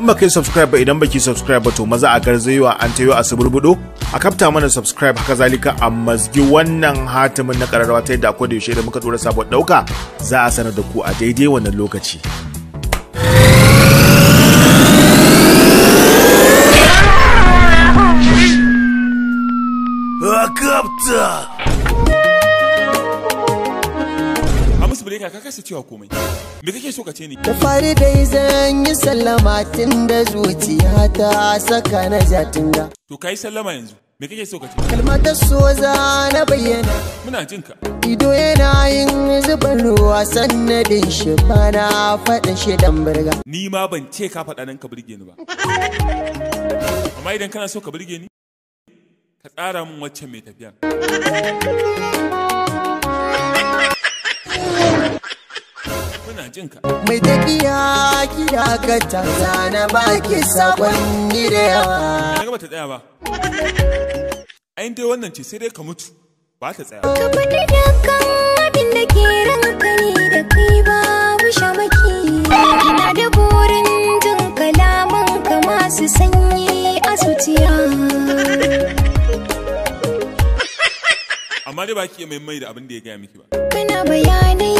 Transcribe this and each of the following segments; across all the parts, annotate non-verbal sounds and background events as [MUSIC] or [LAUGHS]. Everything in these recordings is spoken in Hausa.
In ba kai subscribe ba idan baki subscribe ba to maza a garzayewa an tayo a suburbudo a kafta mana subscribe haka zalika a mazgi wannan hatimin na kararrawa ta yadda akwai da yaushe da muka tura sabon dauka za a sanar da ku a daidai wannan lokaci. Kafta! da ka kasa cewa komai me kake so ka ce ni da fari dai zan yi sallama tun da zuciya ta saka na jatinga to kai sallama yanzu me kake so ka ce kalmatar so za na bayyana muna jin ka ido yana yin zuban ruwa sannadin shi bana faɗin shi dan burga ni ma ban ce ka faɗa nan ka burge ni ba amma idan kana so ka burge ni ka tsara min wacce mai tafiya Mai tafiya ki dakata zana baki sakonni da yawa. Na gaba ta tsaya ba. Ayin dai wannan ce sai dai ka mutu ba ta tsaya. Ka faɗi dukkan abin da ke ranka ne da kai babu shamaki. Ina da burin jin kalaman ka masu sanyi a zuciya. amma dai ba ki mai mai da abin da ya gaya miki ba. Kana bayanai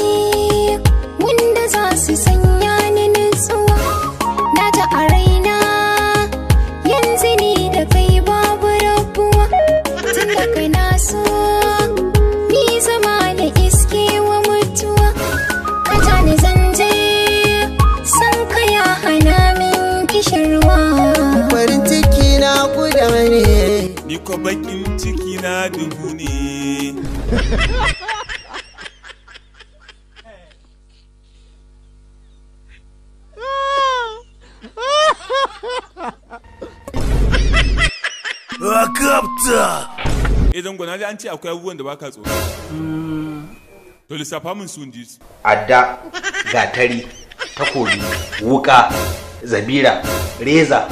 ni ko bakin ciki na duhu ne Akapta! Idan gwana an ce akwai abubuwan da baka tsoro. To lissafa min sun ji su. Adda, gatari, takobi, wuka, zabira, reza.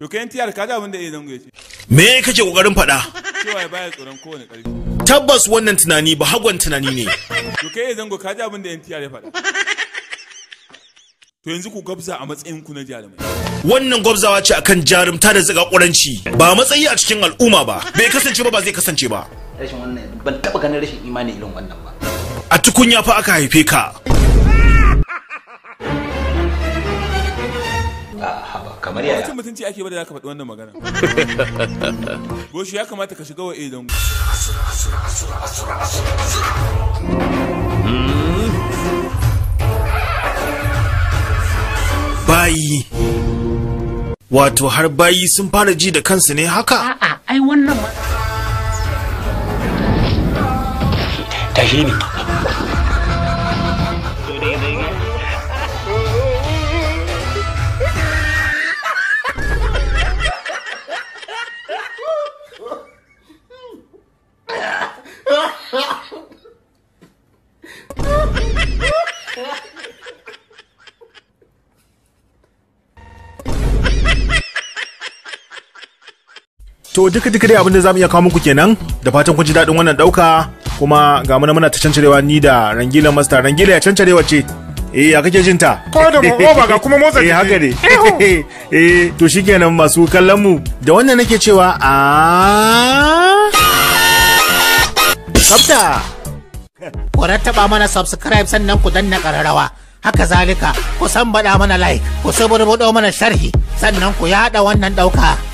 To kayan tiyar ka ga abin da zango eh, gwaye ce. me kake kokarin fada cewa baya tsoron kowane tabbas wannan tunani ba hagwan tunani ne to kai zango ka ji abin da NTR ya fada to yanzu ku gabza a matsayin ku na jarumai wannan gabzawa ce akan jarumta da zaga ƙuranci ba matsayi a cikin al'umma ba bai kasance ba ba zai kasance ba rashin wannan ban taɓa ganin rashin imani irin wannan ba a tukunya fa aka haife ka murya da mutunci ake bada zaka faɗi wannan magana [LAUGHS] goshi ya kamata ka shiga wa idan bayi wato har bayi sun fara ji da kansu ne haka a'a ai wannan ma tashi ne to duka duka dai abinda zamu iya kawo muku kenan da fatan kun ji daɗin wannan ɗauka kuma ga muna muna ta cancarewa ni da rangila master rangila ya cancarewa ce eh ya kake jinta ko da ba ga kuma motsa [LAUGHS] eh haka ne [LAUGHS] eh to shikenan masu kallon mu da wannan nake cewa a Sabta! Ku rattaba mana subscribe sannan ku danna ƙararrawa. Haka zalika, ku san baɗa mana like, ku saburbuɗo mana sharhi, sannan ku yada wannan ɗauka.